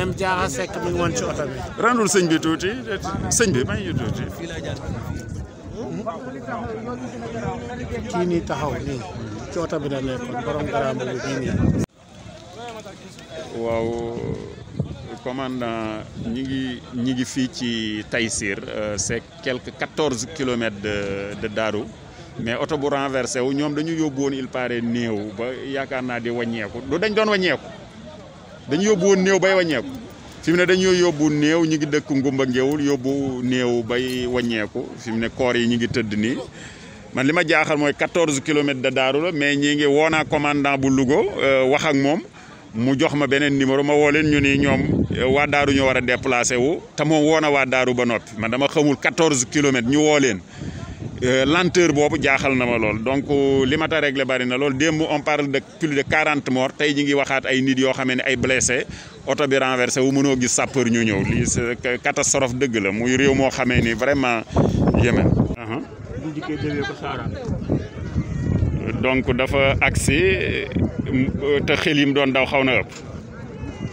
même Diarra Seck mi ngi woon ci Kini bi. rendul sëñ bi tuuti sëñ bi may ñu tuuti. kii taxaw nii ci bi de de Darou. mais oto bu renversé wu dañu il paraît a ba yaakaar di dañu yóbbu woon néew bay wàññeeku fi mu ne dañoo yóbbu néew ñu ngi dëkk ngumba ngéwul yóbbu néew bay wàññeeku fi mu ne koor yi ñu ngi tëdd nii man li ma jaaxal mooy 14 kilomètres de Daaru la mais ñi ngi woonaa commandant bu Louga euh, wax ak moom mu jox ma beneen numéro ma woo leen ñu ni ñoom euh, waa Daaru ñu war a déplacé wu te moom woon a waa Daaru ba noppi man dama xamul 14 kilomètres ñu woo leen Euh, lenteur boobu jaaxal na ma lool donc li ma ta réglé bari na lool démb on parle de plus de quarante morts tey ñu ngi waxaat ay nit yoo xamee ne ay blessé oto bi renversé wu mënoo gis sapeur ñu ñëw lii c'est catastrophe dëgg la muy réew moo xamee ni vraiment yémen donc dafa agsi te xel yim doon daw xaw na ëpp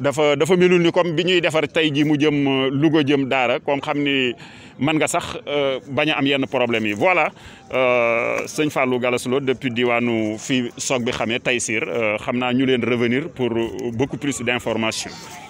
dafa dafa melul ni comme bi ñuy defar tey ji mu jëm euh, Louga jëm Daara comme xam ni man nga sax euh, bañ am yenn problème yi voilà euh, sëñ Fallou Gallas Lo depuis diwaanu fii soog bi xamee tey Taysir xam naa ñu leen revenir pour beaucoup plus d'informations.